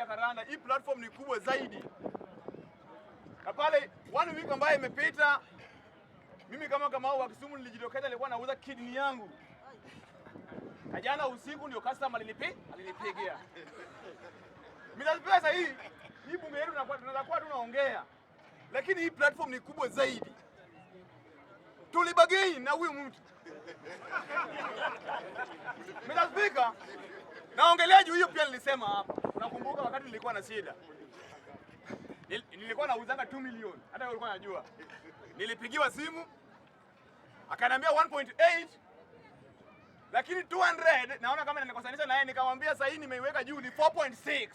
kuja Karanda. Hii platform ni kubwa zaidi, na pale one week ambayo imepita, mimi kama Kamau wa Kisumu nilijitokeza, nilikuwa nauza kidney yangu na jana usiku ndio customer alinipi alinipigia mitazipewa. Sasa hii hii bunge yetu tunaweza kuwa tunaongea, lakini hii platform ni kubwa zaidi. Tulibagei na huyu mtu mitazipika naongelea juu hiyo pia nilisema hapa. Nakumbuka wakati nilikuwa na shida nilikuwa nauzanga 2 milioni, hata ulikuwa unajua. Nilipigiwa simu akaniambia 1.8 lakini 200 naona kama nimekosaniza na yeye, nikamwambia sasa hii nimeiweka juu ni 4.6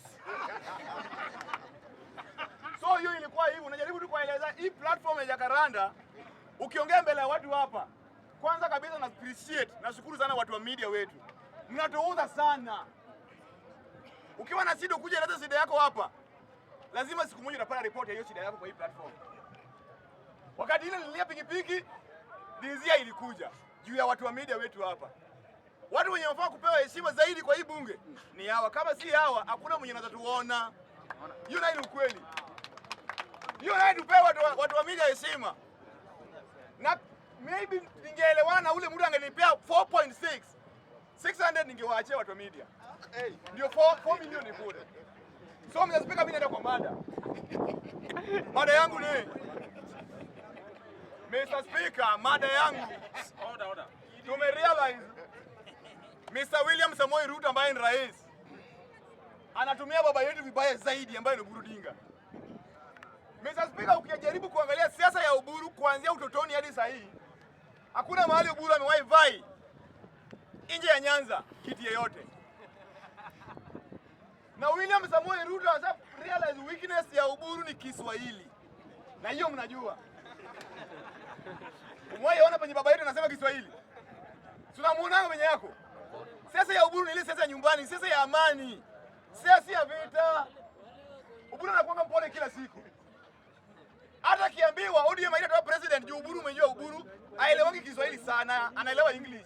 so hiyo ilikuwa hivi, unajaribu tu kueleza hii platform ya Jacaranda. Ukiongea mbele ya watu hapa, kwanza kabisa na appreciate, nashukuru sana watu wa media wetu mnatuuza sana. Ukiwa na shida ukuja leta shida yako hapa, lazima siku moja utapata ripoti ya hiyo shida yako kwa hii platform. Wakati ile nilia pikipiki dizia ilikuja juu ya watu wa media wetu hapa. Watu wenye wafaa kupewa heshima zaidi kwa hii bunge ni hawa. Kama si hawa, hakuna mwenye anaweza tuona. Hiyo nayo ni ukweli. Hiyo nayo tupewe watu, watu wa media heshima, na maybe ningeelewana, ule mtu angenipea 4.6 600 ningewaachia watu wa media. Hey, ndio 4 milioni kule. So mzee Spika, mimi naenda kwa mada. Mada yangu ni Mr. Speaker, mada yangu. Order, order. Tume realize Mr. William Samoei Ruto ambaye ni rais anatumia baba yetu vibaya zaidi ambaye ni uburu dinga Mr. Speaker, ukijaribu kuangalia siasa ya uburu kuanzia utotoni hadi sasa hakuna mahali Uburu amewahi vai nje ya Nyanza kiti yeyote. Na William Samuel Ruto asa realized weakness ya Uburu ni Kiswahili, na hiyo mnajua. ona penye baba yetu anasema Kiswahili, tunamuonanga penye yako. Siasa ya Uburu ni ile siasa ya nyumbani, siasa ya amani, siasa ya vita. Uburu anakuanga mpole kila siku, hata akiambiwa ODM ile president juu Uburu umejua Uburu aelewangi Kiswahili sana, anaelewa English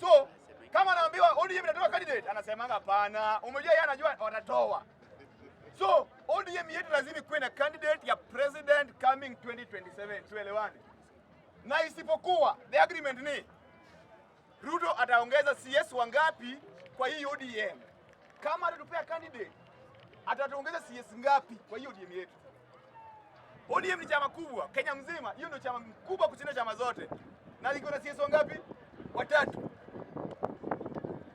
so kama anaambiwa ODM inatoa candidate anasemaga hapana. Umejua yeye anajua watatoa. So ODM yetu lazima kuwe na candidate ya president coming 2027, tuelewane. Na isipokuwa the agreement ni Ruto ataongeza CS wangapi kwa hii ODM? Kama atatupea candidate atatuongeza CS ngapi kwa hii ODM yetu? ODM ni chama kubwa Kenya mzima, hiyo ndio chama kubwa kushinda chama zote, na liko na CS wangapi? Watatu.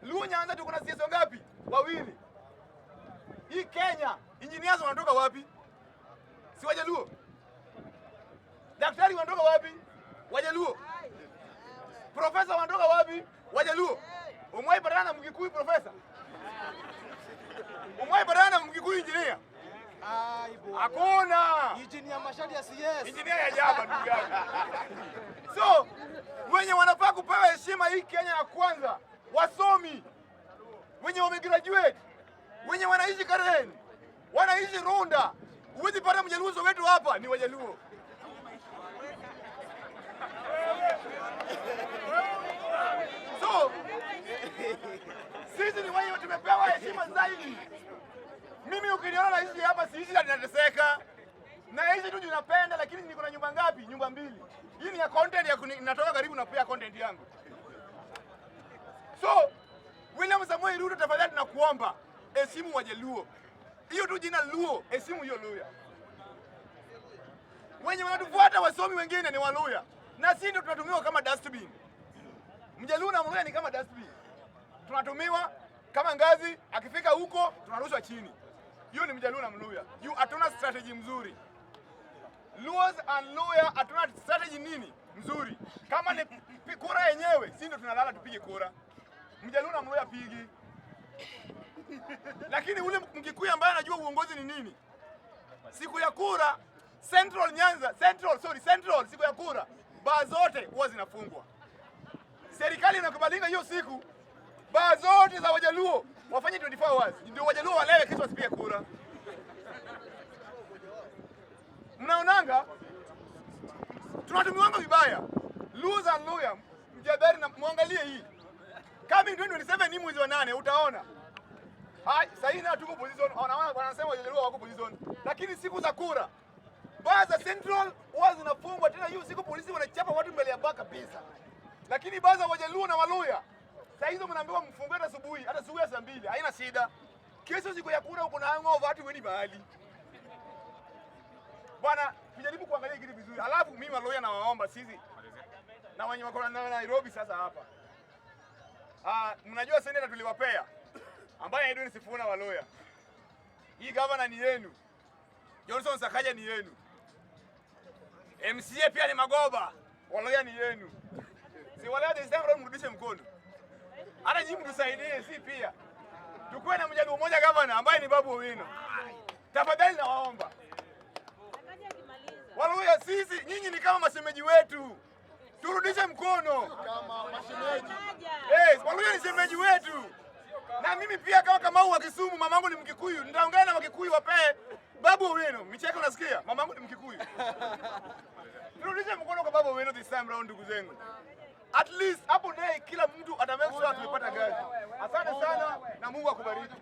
Luo Nyanza tuko na CS ngapi? Wawili. Hii Kenya engineers wanatoka wapi? Si Wajaluo? Daktari wanatoka wapi? Wajaluo. Profesa wanatoka wapi? Wajaluo. Umwai barana na Mgikuyu profesa? Umwai badana na engineer? Hakuna. Engineer mashadi ya CS. Engineer ya jaba ndugu yangu. So, wenye wanafaa kupewa heshima hii Kenya ya kwanza wasomi wenye wamegraduate wenye wanaishi Karen, wanaishi Runda. Huwezi pata mjaluo wetu hapa ni Wajaluo. So sisi ni wao tumepewa heshima zaidi. Mimi ukiniona naishi hapa, siishi na naishi tu ninapenda, lakini niko na nyumba ngapi? Nyumba mbili. Hii ni ya content ya natoka karibu na pia content yangu So William Samuel Ruto, tafadhali tunakuomba esimu Wajaluo, hiyo tu jina Luo, esimu hiyo Luya. Wenye wanatufuata wasomi wengine ni Waluya na sisi ndio tunatumiwa kama dustbin. Mjaluo na Mluya ni kama dustbin, tunatumiwa kama ngazi, akifika huko tunarushwa chini. Hiyo ni Mjaluo na Mluya juu hatuna strategy mzuri. Luos and Luya hatuna strategy nini mzuri, kama ni kura yenyewe, si ndio tunalala tupige kura Mjaluo mloya pigi lakini ule Mkikuyu ambaye anajua uongozi ni nini, siku ya kura Central Nyanza, Central sorry, Central, siku ya kura baa zote huwa zinafungwa. Serikali inakubalinga hiyo siku, baa zote za Wajaluo wafanye 24 hours, ndio Wajaluo walewe, kesho wasipige kura. Mnaonanga tunatumiwanga vibaya. Luza Mjaberi na mwangalie hii coming 2027 mwezi wa nane utaona. Hai, na tuko position. Wanaona wanasema wajaluo wako position. Lakini siku za kura baa za Central huwa zinafungwa tena, hiyo siku polisi wanachapa watu mbele ya baa kabisa. Lakini baa za Wajaluo na Waluya saa hizo mnaambiwa mfungue hata asubuhi, hata asubuhi ya saa mbili haina shida. Kesho siku ya kura uko na hangover, hata weni mahali bwana, tujaribu kuangalia kitu vizuri. Alafu mimi Waluya waomba sisi na wanyama kwa Nairobi sasa hapa Ah, mnajua seneta tuliwapea ambaye Edwin Sifuna Waloya. Hii gavana ni yenu. Johnson Sakaja ni yenu. MCA pia ni Magoba. Waloya ni yenu. Si Waloya mrudishe mkono. Hata nyinyi mtusaidie si pia. Tukue na mjadala mmoja gavana ambaye ni Babu Owino. Tafadhali nawaomba. Waloya sisi nyinyi ni kama masemeji wetu turudishe mkono. Pamoja ni shemeji wetu, na mimi pia kama Kamau wa Kisumu, mamangu ni Mkikuyu, nitaongea na Wakikuyu wapee babu wenu micheke. Unasikia, mamangu ni Mkikuyu. Turudishe mkono kwa babu wenu this time round, ndugu zangu. At least hapo dai kila mtu atamake sure tumepata gari. Asante sana na Mungu akubariki.